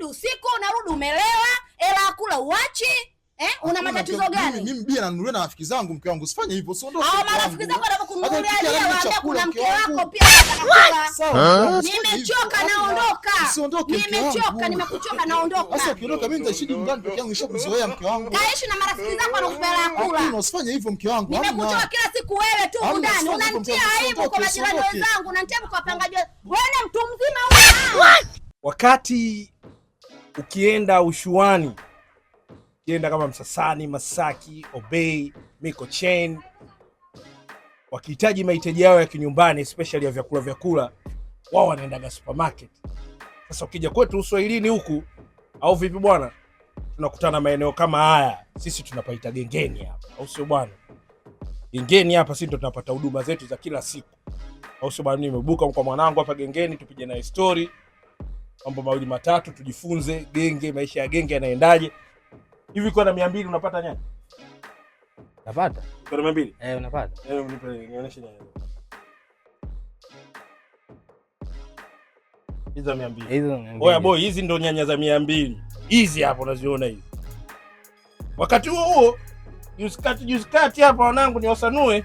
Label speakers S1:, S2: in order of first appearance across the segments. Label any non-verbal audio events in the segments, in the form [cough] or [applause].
S1: unarudi usiku, unarudi umelewa, hela ya kula uachi. Eh, una matatizo gani? Mimi
S2: mimi bia nanunulia na rafiki zangu mke wangu. Usifanye hivyo, sio ndio? Hao
S1: marafiki zako wanakununulia leo waambia kuna mke wako pia anataka anakula. Nimechoka naondoka. Usiondoke mke wangu. Nimechoka, nimekuchoka naondoka.
S2: Sasa ukiondoka mimi nitaishi nyumbani peke yangu, nishakuzoea mke wangu.
S1: Kaishi na marafiki zako wanakupela kula.
S2: Mimi usifanye hivyo mke wangu.
S1: Nimekuchoka kila siku wewe tu huko ndani. Unanitia aibu kwa majirani wenzangu, unanitia kwa wapangaji. Wewe ni mtu mzima huyu.
S2: Wakati ukienda ushuani, ukienda kama Msasani, Masaki, Obei, Mikocheni, wakihitaji mahitaji yao ya kinyumbani especially ya vyakula vyakula, wao wanaendaga supermarket. Sasa ukija kwetu uswahilini huku au vipi bwana, tunakutana maeneo kama haya, sisi tunapaita gengeni hapa, au sio bwana? Gengeni hapa sisi ndo tunapata huduma zetu za kila siku, au sio bwana? Nimebuka kwa mwanangu hapa gengeni, tupige naye story mambo mawili matatu, tujifunze genge, maisha ya genge yanaendaje. Hivi kwa na mia mbili unapata nyanya? Napata. Kwa na mia mbili?
S3: Eh, unapata. Eh, unipe nionyeshe nyanya. Hizi za mia mbili. Eh, hizi za mia
S2: Oya boy, hizi ndo nyanya za mia mbili hizi hapo unaziona hizi. Wakati huo huo juzi kati juzi kati hapa wanangu, ni wasanue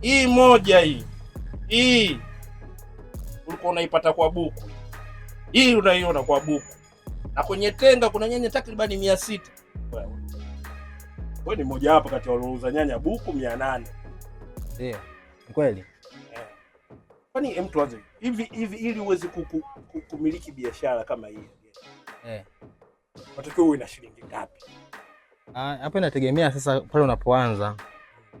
S2: hii moja hii hii ulikuwa unaipata kwa buku hii unaiona kwa buku na kwenye tenga kuna nyanya takribani mia sita. ni mmoja wapo kati ya waliouza nyanya buku mia nane.
S3: yeah. Kweli. Eh.
S2: Kwani mtu anze hivi hivi ili uwezi kumiliki biashara kama hii. yeah. Matokeo uwe na shilingi ngapi?
S3: Ah, hapo inategemea sasa pale unapoanza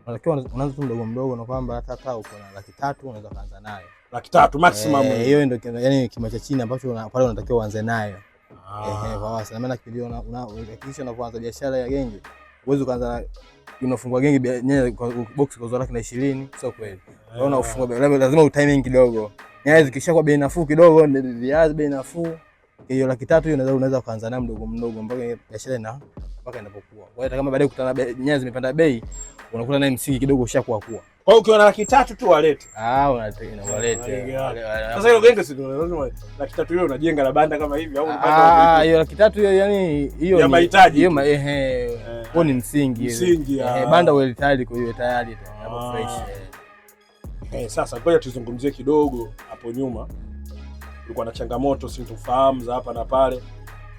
S3: unatakiwa unaanza tu mdogo mdogo, na kwamba hata hata uko na laki tatu unaweza kuanza nayo
S2: laki tatu maximum. Eh,
S3: hiyo ndio yani kima cha chini ambacho pale unatakiwa uanze nayo. Ah. Ehe, kwa wasa na maana kipindi unahakikisha unapoanza biashara ya genge uwezi kuanza unafungua genge box kwa laki na ishirini, sio kweli? Unaona ufungua lazima utiming kidogo, nyaya zikishakuwa bei nafuu kidogo, viazi bei nafuu, hiyo laki tatu hiyo unaweza kuanza nayo mdogo mdogo mpaka biashara ina mpaka inapokuwa. Kwa hiyo hata kama baadaye kukutana nyanya zimepanda bei, unakuta naye msingi kidogo ushakuwa kuwa.
S2: Kwa hiyo ukiona laki tatu tu walete.
S3: Ah, unawalete.
S2: Oh sasa hiyo genge sio lazima laki tatu hiyo unajenga la banda kama hivi au
S3: Ah, hiyo laki tatu hiyo yani hiyo ya mahitaji. Hiyo ehe. Eh, huo ni msingi.
S2: Msingi. Eh,
S3: banda wewe tayari kwa hiyo tayari tu. Hapo ah. fresh.
S2: Eh, sasa ngoja tuzungumzie kidogo hapo nyuma. Ulikuwa na changamoto sintofahamu za hapa na pale.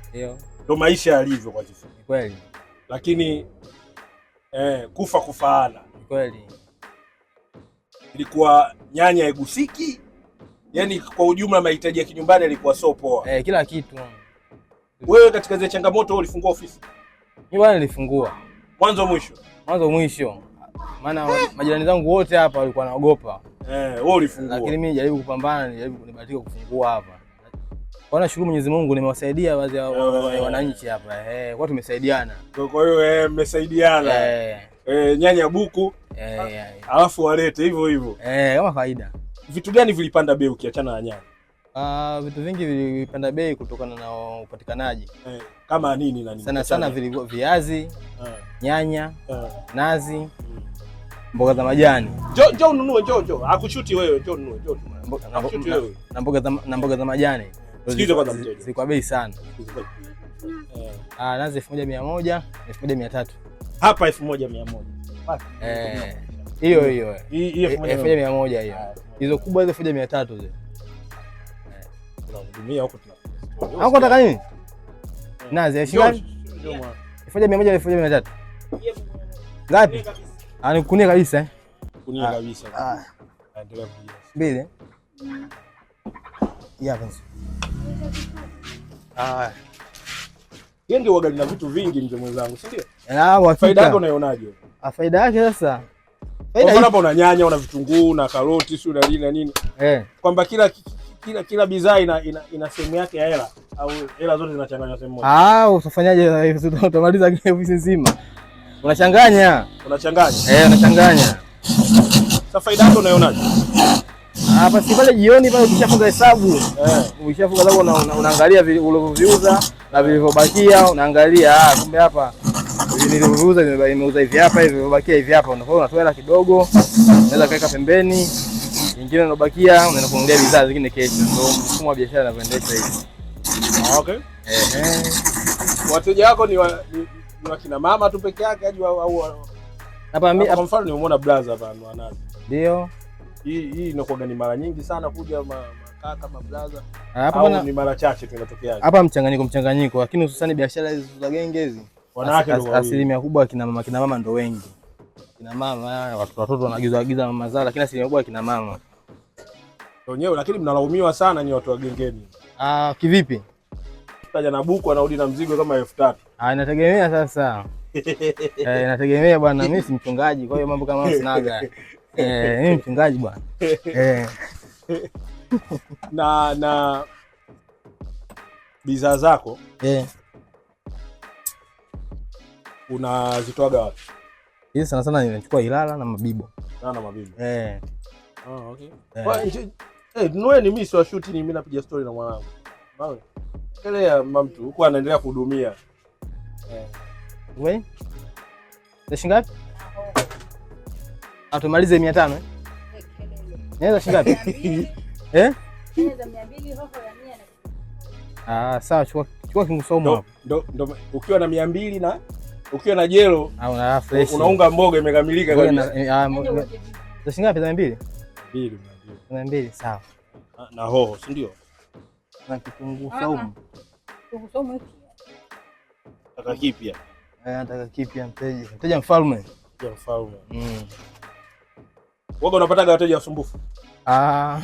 S2: Ndio ndo maisha yalivyo kwa kifupi. Kweli. Lakini eh, kufa kufaana. Kweli. Ilikuwa nyanya haigusiki. Yaani kwa ujumla mahitaji ya kinyumbani yalikuwa so poa.
S3: Eh, kila kitu.
S2: Wewe katika zile changamoto ulifungua ofisi?
S3: Mimi bwana nilifungua. Mwanzo mwisho. Mwanzo mwisho. Maana majirani zangu wote hapa walikuwa naogopa.
S2: Eh, wewe ulifungua.
S3: Lakini mimi nijaribu kupambana, jaribu kunibatika kufungua hapa. Wala shukuru Mwenyezi Mungu nimewasaidia baadhi ya wananchi hapa. Eh, kwa tumesaidiana.
S2: Kwa hiyo eh, mmesaidiana. Eh. Eh, nyanya buku. Eh. Alafu walete hivyo hivyo.
S3: Eh, kama faida.
S2: Vitu gani vilipanda bei ukiachana na nyanya?
S3: Ah, vitu vingi vilipanda bei kutokana na upatikanaji. Eh,
S2: kama nini na nini?
S3: Sana sana vilikuwa viazi, eh, nyanya, eh, nazi, mm. mboga za majani.
S2: Jo jo ununue jo jo. Hakushuti wewe, jo ununue jo.
S3: Na mboga za majani zilikuwa bei sana. Eh. Ah, nazi elfu moja mia moja elfu moja mia tatu
S2: hapa elfu moja mia moja
S3: eh. hiyo hiyo e, elfu moja mia moja hiyo ah, hizo kubwa hizo elfu moja mia tatu huko taka nini? Nazi elfu moja mia moja elfu moja mia tatu ngapi? Anikunia kabisa
S2: ah, eh? ah. mbili Ah. Yeye ndio waga na vitu vingi mzee mwenzangu, si ndio?
S3: Ah, wafika. Faida yake unaionaje? Ah, faida yake sasa.
S2: Faida hapo hapa una nyanya, una vitunguu, una karoti, si una na nini? Eh. Kwamba kila kila kila bidhaa ina ina, ina sehemu yake ya hela au hela zote zinachanganywa sehemu moja.
S3: Ah, utafanyaje hivi? Utamaliza ofisi nzima. Unachanganya. Unachanganya. Eh, unachanganya.
S2: Sasa faida yake unaionaje?
S3: Hapa si pale jioni pale ukishafunga hesabu. Eh. Ukishafunga hesabu unaangalia una, una ulivyoviuza na vilivyobakia unaangalia ah kumbe hapa nilivyoviuza nimeuza hivi hapa hivi vilivyobakia hivi hapa. Unakuwa unatoa hela kidogo unaweza kaweka pembeni. Nyingine unabakia unaenda kuongea bidhaa zingine kesho. Ndio mfumo wa biashara unavyoendesha hivi.
S2: Ah, okay. Eh eh. Wateja wako ni, wa, ni, ni kina mama tu peke yake au au hapa mimi kwa mfano nimeona brother hapa ana ndio hii hii inakuwa ni mara nyingi sana kuja makaka mablaza ah, au ni mara chache tu inatokea
S3: hapa? Mchanganyiko mchanganyiko, lakini hususani biashara hizi za genge hizi wanawake as, as, asilimia kubwa kina mama kina mama ndio wengi, kina mama watoto wanaagiza agiza mama zao, lakini asilimia kubwa kina mama
S2: wenyewe. Lakini mnalaumiwa sana nyinyi watu wa gengeni.
S3: Ah, kivipi?
S2: Taja na buku anarudi na mzigo kama elfu tatu.
S3: Ah, inategemea sasa. [laughs] Eh, inategemea bwana, mimi si mchungaji, kwa hiyo mambo kama sinaga [laughs] Eh, mchungaji bwana. [laughs] Eh.
S2: na na bidhaa zako eh, unazitoaga wapi?
S3: Hizi sana sana ninachukua Ilala na Mabibo.
S2: Na na Mabibo.
S3: Eh. Ah, oh, okay.
S2: Eh. Hey, nwe eh, ni mimi wa shoot ni mimi napiga story na mwanangu. Bawe. Kelea mamtu huko anaendelea kuhudumia.
S3: Eh. Wewe? Shilingi ngapi? Atumalize mia tano naweza shingapi? Eh? eh? Ah, sawa, chukua chukua kingusomo hapo. Ndio
S2: ukiwa na mia mbili na ukiwa na jelo una fresh. Unaunga mboga imekamilika kabisa. Ndio ah, yaani
S3: shingapi za mia mbili? Mia mbili sawa.
S2: Na hoho, si ndio?
S3: Na kitunguu ah, saumu. Ah.
S1: Kitunguu saumu hiki.
S2: Nataka kipya.
S3: Eh, nataka kipya mteja. Mteja mfalme.
S2: Mteja mfalme. Mm. Wewe unapataga wateja wasumbufu?
S3: Ah,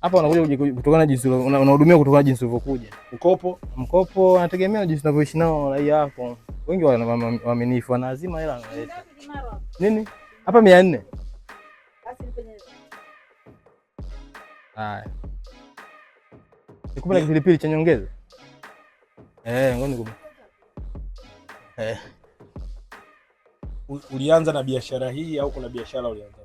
S3: hapa unakuja kutokana jinsi unahudumia, kutokana jinsi ulivyokuja. Mkopo mkopo anategemea jinsi unavyoishi nao raia wako. Wengi waaminifu, wana lazima hela analeta nini hapa mia nne. Haya, nikupe na kipilipili cha nyongeza. Eh, Eh,
S2: ulianza na biashara hii au kuna biashara ulianza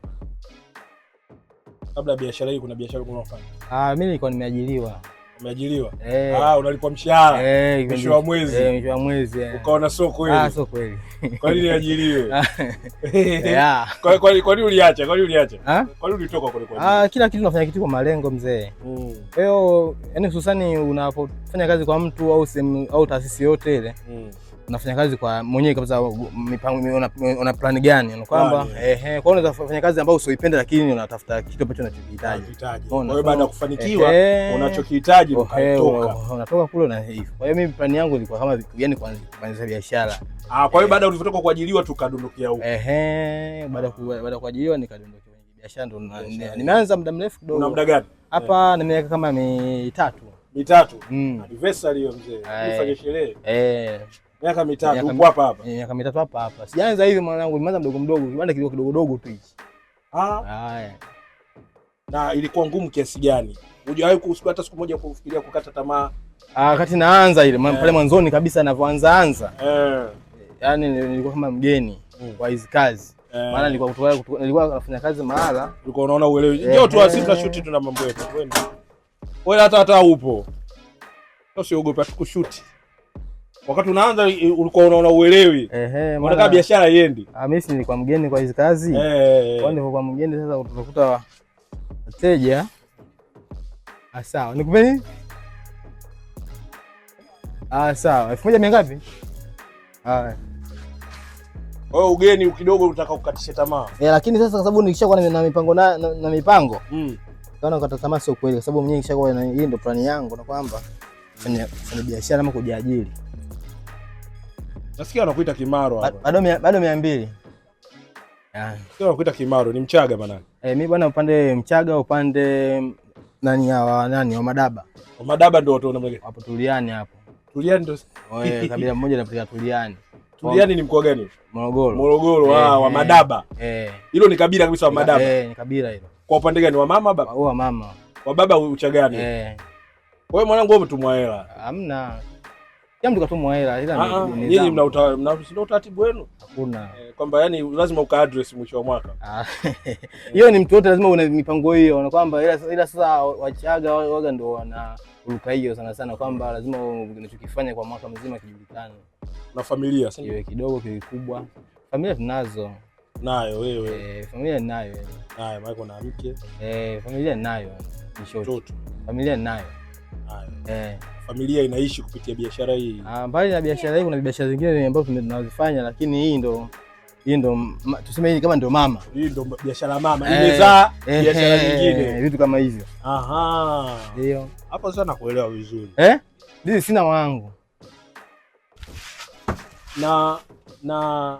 S2: kabla ya biashara hii kuna biashara unayofanya?
S3: Ah, mimi nilikuwa nimeajiriwa.
S2: Umeajiriwa? Eh. Ah, unalipwa mshahara. Eh, mwisho wa mwezi. Eh,
S3: mwisho wa mwezi. Eh.
S2: Ukaona sio kweli. Ah, sio kweli. [laughs] Kwa nini niajiriwe? Yeah. [laughs] [laughs] Kwa kwa kwa nini uliacha? Kwa nini uliacha? Ah? Kwa nini ulitoka kule
S3: kwa nini? Ah, kila kitu nafanya kitu kwa malengo mzee. Mm. Leo, yani hususani unapofanya kazi kwa mtu au sehemu au taasisi yote ile. Mm unafanya kazi kwa mwenyewe kabisa, mipango una plan gani? Ni kwamba ehe, kwa hiyo unafanya kazi ambayo usioipenda, lakini unatafuta kitu ambacho unachokihitaji.
S2: Kwa hiyo baada ya kufanikiwa unachokihitaji ukatoka,
S3: unatoka kule na hivyo. Kwa hiyo mimi plan yangu ilikuwa kama yani kuanza biashara.
S2: Ah, kwa hiyo eh. baada ulivyotoka kuajiliwa tukadondokea huko.
S3: Ehe, baada ya baada ya kuajiliwa nikadondokia kwenye biashara, ndo nimeanza muda mrefu
S2: kidogo. Una muda gani?
S3: Hapa miaka kama mitatu
S2: mitatu. Mm. Anniversary hiyo mzee, ifanye eh. sherehe eh miaka mitatu huko hapa hapa.
S3: Eh, miaka mitatu hapa hapa. Sijaanza hivi mwanangu, nimeanza mdogo mdogo, kibanda kidogo kidogo dogo tu hichi.
S2: Ah. Haya. Na ilikuwa ngumu kiasi gani? Hujawahi kusikia hata siku moja kufikiria kukata tamaa?
S3: Ah, wakati naanza ile yeah. Pale mwanzoni kabisa ninavyoanza anza. Eh. Yeah. Yaani nilikuwa kama mgeni mm. kwa hizo kazi. Yeah. Maana nilikuwa kutoka nilikuwa nafanya kazi mahala.
S2: Ulikuwa unaona uelewi. Yeah. Njoo tu yeah. Sisi tunashuti tuna mambo yetu. Wewe hata hata upo. Usiogope tukushuti wakati unaanza ulikuwa unaona uelewi, unataka biashara iende.
S3: Ah, Mimi si nilikuwa mgeni kwa hizo kazi, eh. kwa ndivyo kwa mgeni sasa utakuta wateja ah, sawa. Nikupeni ah, sawa elfu moja mia ngapi? Haya,
S2: wewe ugeni kidogo utaka kukatisha tamaa
S3: eh, lakini sasa kwa sababu nikishakuwa na mipango na, na, mipango mm. Kaona kukata tamaa sio kweli, kwa sababu mwenyewe kishakuwa hii ndo plani yangu na kwamba fanya biashara ama kujiajiri
S2: Nasikia wanakuita Kimaro hapa.
S3: Bado bado 200.
S2: Ah. Sio wanakuita Kimaro, ni Mchaga bana.
S3: Eh, mimi bwana upande Mchaga upande nani hawa nani wa Madaba.
S2: Wa Madaba ndio watu wanamwelekea.
S3: Hapo Tuliani hapo. Tuliani ndio. [laughs] Oe, kabila mmoja anapatikana Tuliani.
S2: Tuliani ni mkoa gani? Morogoro. Morogoro, ah, eh, wa Madaba. Eh. Hilo ni kabila kabisa wa Madaba.
S3: Eh, ni kabila hilo.
S2: Kwa upande gani wa mama baba? Wa mama. Wa baba Uchagani. Eh. Wewe mwanangu wewe mtumwa hela.
S3: Hamna. Jambo yaani tukatumwa hela ila
S2: ah, ah. nyinyi mna utaratibu wenu.
S3: Hakuna. Eh,
S2: kwamba yani lazima uka address mwisho wa mwaka. Ah, [laughs]
S3: hiyo ni mtu wote lazima una mipango hiyo na kwamba ila sasa Wachaga waga ndio wana uluka hiyo sana sana kwamba lazima unachokifanya kwa mwaka mzima kijulikane.
S2: Na familia sasa.
S3: kidogo kiwe kikubwa. Familia tunazo.
S2: Nayo wewe.
S3: Eh, familia nayo
S2: Nayo maiko na mke.
S3: Eh, familia ninayo. Mtoto. Familia nayo
S2: eh. Familia inaishi kupitia biashara hii.
S3: Ah, mbali na biashara hii kuna biashara zingine ambazo tunazifanya, lakini hii ndo hii ndo tuseme hii kama ndio mama,
S2: hii ndo biashara mama eh, imezaa eh, biashara eh, nyingine eh,
S3: vitu kama hivyo.
S2: Aha, ndio hapo sasa nakuelewa vizuri
S3: eh? Dili sina wangu
S2: na na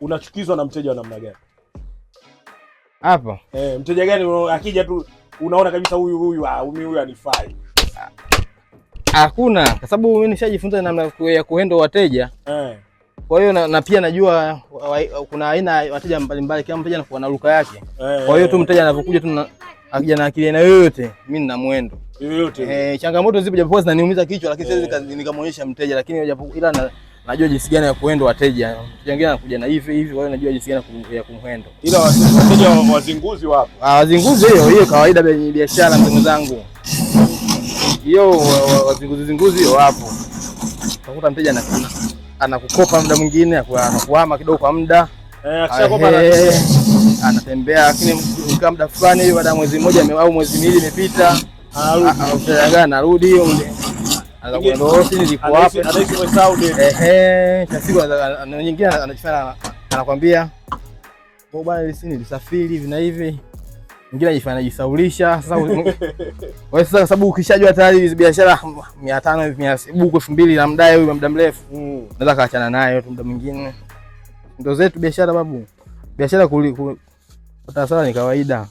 S2: unachukizwa na mteja wa namna gani? hapo eh, mteja gani akija tu unaona kabisa huyu huyu ah, huyu anifai?
S3: Hakuna, kwa sababu mimi nishajifunza namna ya kuhandle wateja eh. Kwa hiyo na, na pia najua kuna aina ya wateja mbalimbali, kila mteja anakuwa na luka yake eh. Kwa hiyo tu mteja anapokuja tu akija na akili na yoyote, mimi na mwendo yoyote eh. Changamoto zipo, japokuwa zinaniumiza kichwa, lakini siwezi eh. nikamwonyesha mteja, lakini ila najua jinsi gani ya kuenda wateja. Mteja mwingine anakuja na hivi hivi, kwa hiyo najua jinsi gani ya kumwenda.
S2: Ila wateja wazinguzi wapo?
S3: Ah, wazinguzi hiyo hiyo kawaida kwenye biashara, ndugu zangu, hiyo wazinguzi zinguzi hiyo wapo. Utakuta mteja anakuna anakukopa muda mwingine anakuhama kidogo kwa muda eh, anatembea lakini kwa muda fulani, baada ya mwezi mmoja au mwezi miwili imepita, anarudi anarudi hiyo nyingine anajifanya anakwambia bwana, ile sini hivi na hivi, mwingine anajifanya anajisaulisha. [laughs] Sasa kwa sababu ukishajua tayari hizo biashara mia tano buku elfu mbili na mdae huyu muda mrefu, mm. naweza kaachana nayo tu muda mwingine. Ndo zetu biashara babu, biashara kupata hasara ni kawaida.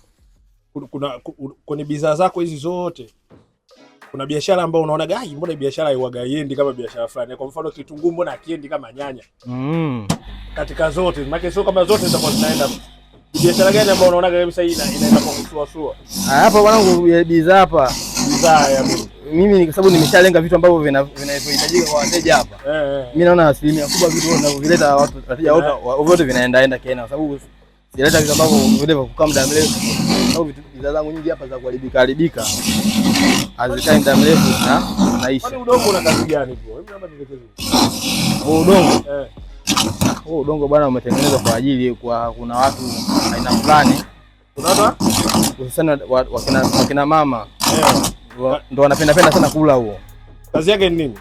S2: Kwenye bidhaa zako hizi zote kuna biashara ambayo unaona gai, mbona biashara haiwagaiendi kama biashara fulani. Kwa mfano kitunguu, mbona akiendi kama nyanya mm. katika zote, maana sio kama zote zitakuwa zinaenda. Biashara gani ambayo unaona kabisa hii inaenda kwa kusua sua?
S3: Hapa bwana, bidhaa hapa, bidhaa ya mimi, ni kwa sababu nimeshalenga vitu ambavyo vinavyohitajika kwa wateja hapa. Eh, eh. Mimi naona asilimia kubwa vitu vinavyoleta watu wateja wote eh. vinaenda enda Kenya kwa sababu Jaleta vitu ambavyo vile vya kukaa muda mrefu au vitu bidhaa zangu nyingi hapa za kuharibika haribika hazikai muda mrefu na naisha. Kwani
S2: udongo una kazi gani hivyo? Hebu naomba nielekeze.
S3: Oh, udongo eh, oh, udongo bwana umetengenezwa kwa ajili kwa kuna watu aina fulani, kuna watu hususani wakina wakina mama eh, ndio wanapenda penda sana kula huo.
S2: Kazi yake ni nini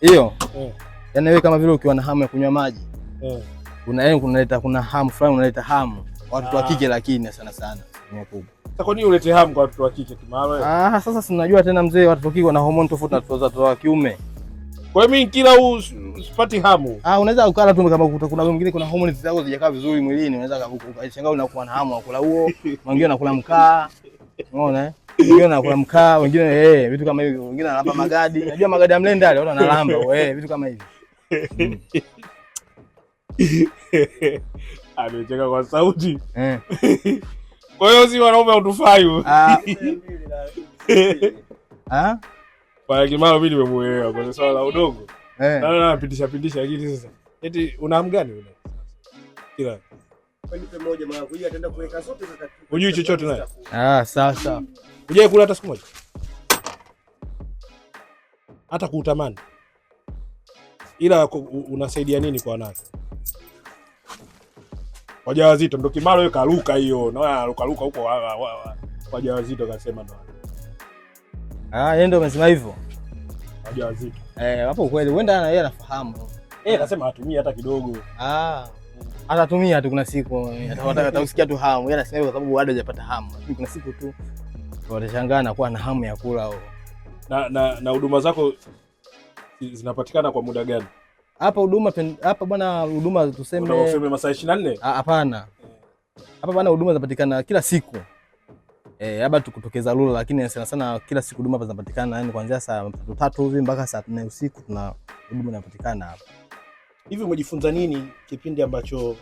S3: hiyo? Eh, yani wewe kama vile ukiwa na hamu ya kunywa maji eh kuna yani kunaleta kuna hamu fulani, unaleta hamu watoto wa ah. kike, lakini sana sana ni kubwa.
S2: Sasa kwa nini ulete hamu kwa watoto wa kike
S3: kimara? Ah, sasa sinajua tena mzee, watoto wa kike wana homoni tofauti na watoto wa kiume.
S2: Kwa hiyo mimi kila usipati hamu.
S3: Ah, unaweza ukala tu kama kuta, kuna mwingine kuna homoni zako zijakaa vizuri mwilini, unaweza ukashangaa unakuwa na hamu ya kula huo, mwingine anakula mkaa. Unaona? Wengine anakula mkaa, wengine eh, vitu kama hivyo, wengine analamba magadi. Unajua magadi ya mlenda yale, watu analamba eh, vitu kama hivyo. Hmm.
S2: [laughs] amecheka kwa sauti eh. [laughs] Kwa hiyo si wanaume utufai
S3: Ah, [laughs]
S2: kwa kimaro mimi nimemuelewa kwa swala la udongo eh. Na na pitisha pitisha, lakini sasa eti unaamgani una kila chochote naye.
S3: Ah, sasa
S2: ujai kula hata siku moja hata kuutamani, ila unasaidia nini kwa wanawake? wajawazito ndo Kimaro yeye karuka hiyo na huko wajawazito kasema ndo.
S3: Ah, yeye ndo amesema hivyo wajawazito. Eh, kweli huenda yeye anafahamu.
S2: Eh, kasema hata kidogo.
S3: Ah, atatumia tu kuna siku atausikia tu hamu. anasema kwa sababu bado hajapata hamu, lakini kuna siku tu watashangaa na kuwa na hamu ya kula.
S2: Na na huduma zako zinapatikana kwa muda gani?
S3: hapa huduma hapa bwana, huduma tuseme
S2: tuseme masaa 24?
S3: Hapana, hapa bwana, huduma zinapatikana kila siku eh, labda tukutokeza lula, lakini sana sana kila siku huduma zinapatikana, yani kuanzia saa tatu hivi mpaka saa 4 usiku tuna huduma inapatikana hapa.
S2: Hivi umejifunza nini kipindi ambacho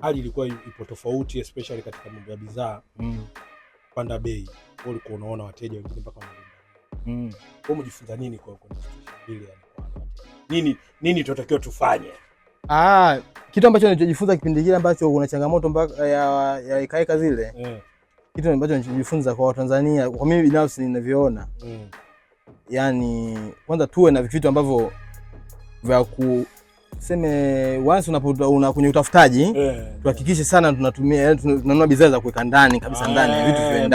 S2: hali ilikuwa ipo tofauti, especially katika mambo ya bidhaa mm. panda bei, ulikuwa unaona wateja wengine mpaka mm. umejifunza nini kwa kwa hili yani nini nini tunatakiwa tufanye?
S3: Ah, kitu ambacho nilichojifunza kipindi kile ambacho kuna changamoto mpaka ya ya ikaika zile mm. Kitu ambacho nilichojifunza kwa Watanzania, kwa mimi binafsi ninavyoona mm. Yani kwanza tuwe na vitu ambavyo vya ku tuseme once una kwenye utafutaji yeah, tuhakikishe sana tunatumia tunanunua bidhaa za kuweka ndani kabisa, ah, ndani vitu vya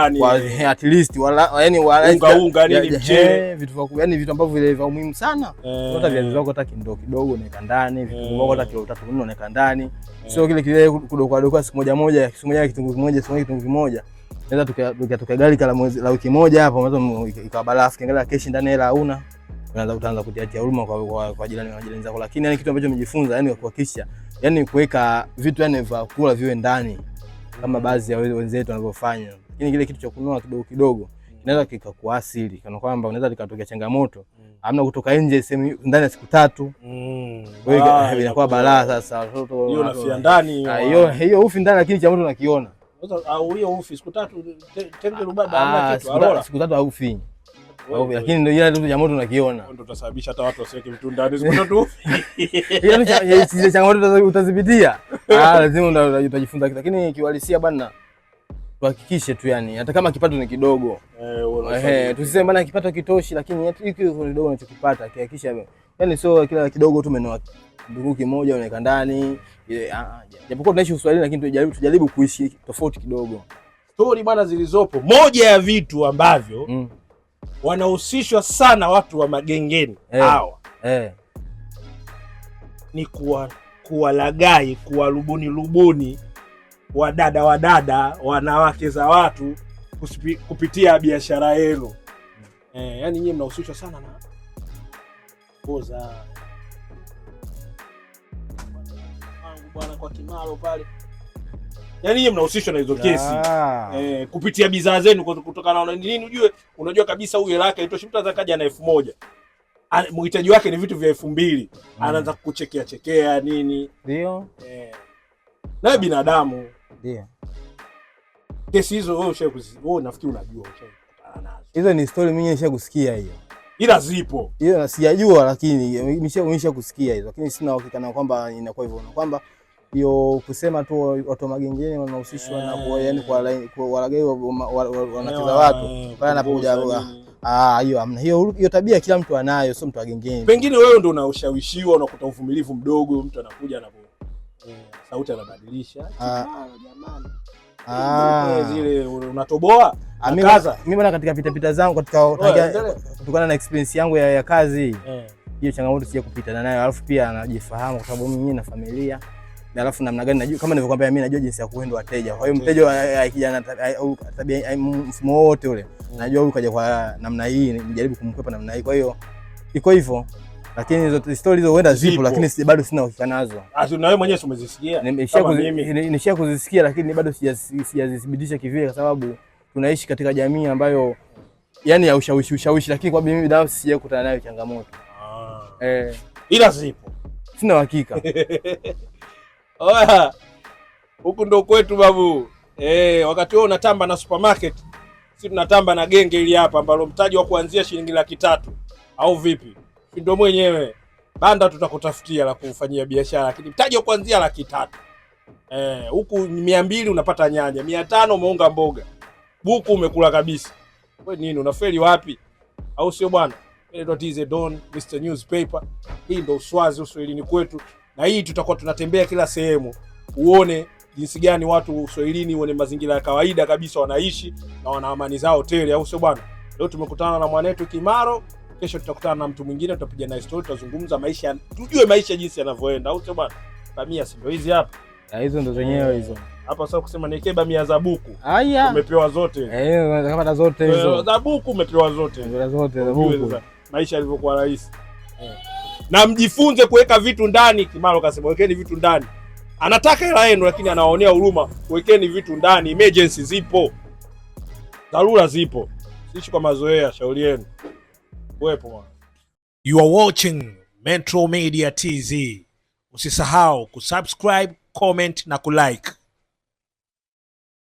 S3: ndani kwa eh, at least wala yani wala
S2: unga unga ni
S3: mchele, eh, vitu vya yani vitu ambavyo vile vya muhimu sana. Eh. Hata viazi vyako hata kidogo kidogo unaweka ndani, vitu vyako hata kilo tatu nne unaweka ndani, sio kile kile kudokoa dokoa siku moja moja, siku moja kitungu kimoja, siku moja kitunguu kimoja naweza tukatoka gari la wiki moja hapo, ikabala afu kiangalia keshi ndani hela hauna unaanza utaanza kutiatia huruma kwa, kwa, kwa jirani na jirani zako, lakini yani kitu ambacho nimejifunza yani kuhakikisha yani kuweka vitu yani vya kula viwe ndani kama baadhi ya wenzetu wanavyofanya, lakini kile kitu cha kunua kidogo kidogo kinaweza kikakuasili kana kwamba unaweza likatokea changamoto mm. amna kutoka nje sehemu ndani ya siku tatu, mm. wewe ah, inakuwa balaa sasa. Watoto
S2: hiyo nafia ndani
S3: ah, hiyo hiyo ufi ndani, lakini cha mtu unakiona
S2: au hiyo ufi siku tatu tembe rubaba,
S3: amna ah, kitu alola siku tatu au ufi lakini ndio ile kitu cha moto tunakiona, ndio
S2: tutasababisha hata watu wasiweke vitu ndani, sio tu
S3: ile changamoto utazipitia. Ah, lazima utajifunza kitu, lakini kiuhalisia bwana tuhakikishe tu yani, hata kama kipato ni kidogo eh, tusiseme bana kipato kitoshi, lakini hiki kidogo unachokipata kihakikisha, yani sio kila kidogo tu umenoa ndugu kimoja unaweka ndani. Ah, ah, japokuwa tunaishi uswahili, lakini tujaribu, tujaribu kuishi tofauti kidogo.
S2: Stori bwana zilizopo, moja ya vitu ambavyo mm wanahusishwa sana watu wa magengeni eh, hawa hey, eh. hey. Ni kuwalagai kuwa kuwarubuni rubuni wadada wadada wanawake za watu kusipi, kupitia biashara yenu hmm. Eh, yani nyie mnahusishwa sana na koza bwana kwa kimaro pale yani yeye mnahusishwa na hizo ah. kesi eh, kupitia bidhaa zenu kutokana na nini. Ujue unajua kabisa huyu hela yake haitoshi, akaja na elfu moja mhitaji wake ni vitu vya elfu mbili mm. anaanza kuchekea chekea nini,
S3: ndio eh,
S2: naye binadamu ndio. Kesi hizo wewe ushawahi wewe, nafikiri unajua ushakutana
S3: hizo, ni story mimi kusikia hiyo
S2: ila zipo
S3: ila sijajua, lakini nimesha kusikia hizo, lakini sina uhakika na kwamba inakuwa hivyo na kwamba hiyo kusema tu watu wa magengeni wanahusishwa na kwa kwa yani walagai wanacheza watu pale eh, anapokuja Ah, hiyo amna. Hiyo hiyo tabia kila mtu anayo, sio mtu wa gengeni.
S2: Pengine wewe ndio unaoshawishiwa, unakuta uvumilivu mdogo, mtu anakuja na eh, sauti anabadilisha. Ah, jamani. Ah, eh, zile unatoboa. Ah, mimi
S3: bwana, katika vita vita zangu katika kutokana na experience yangu ya, ya kazi hiyo, yeah. Changamoto sija kupitana nayo, alafu pia anajifahamu kwa sababu mimi na familia na alafu namna gani najua, kama nilivyokuambia mimi najua jinsi ya kuenda wateja. Kwa hiyo mteja akija eh, na eh, tabia eh, mfumo wote ule, mm. najua huyu kaja kwa namna hii, nijaribu kumkwepa namna hii. Kwa hiyo iko hivyo, lakini hizo stori hizo huenda zipo, lakini bado sina uhakika nazo.
S2: Ah, na wewe mwenyewe umezisikia?
S3: Nimeshia kuzisikia, lakini bado sijazithibitisha kivile, kwa sababu tunaishi katika jamii ambayo yani ya ushawishi ushawishi, lakini kwa mimi binafsi sijakutana nayo changamoto,
S2: ah. Eh, ila zipo,
S3: sina uhakika [laughs]
S2: Oya, huku ndo kwetu babu. Eh, wakati wewe unatamba na supermarket, sisi tunatamba na genge hili hapa ambalo mtaji wa kuanzia shilingi laki tatu au vipi? Ndio mwenyewe banda tutakutafutia la kufanyia biashara, lakini mtaji wa kuanzia laki tatu. Eh, huku 200 unapata nyanya, 500 umeunga mboga, buku umekula kabisa. Wewe nini unafeli wapi? Au sio bwana? Ndio ndo TZ Don, Mr Newspaper. Hii ndo uswazi uswahilini kwetu na hii tutakuwa tunatembea kila sehemu, uone jinsi gani watu uswahilini wenye mazingira ya kawaida kabisa wanaishi na wana amani zao tele, au sio bwana? Leo tumekutana na mwanetu Kimaro, kesho tutakutana na mtu mwingine, tutapiga na story, tutazungumza maisha, tujue maisha jinsi yanavyoenda, au sio bwana? Bamia si ndio hizi hapa?
S3: Na ah, Hizo ndo zenyewe hizo
S2: hapa. Sasa kusema niwekee bamia za buku, Haya, umepewa zote
S3: eh, kama na zote hizo eh, za
S2: buku, umepewa zote zote za buku, maisha yalivyokuwa rahisi eh na mjifunze kuweka vitu ndani. Kimaro kasema wekeni vitu ndani, anataka hela yenu, lakini anawaonea huruma. Wekeni vitu ndani, emergency zipo, dharura zipo, siishi kwa mazoea. Shauri yenu kuwepo.
S4: You are watching Metro Media TV, Usisahau kusubscribe, comment na kulike.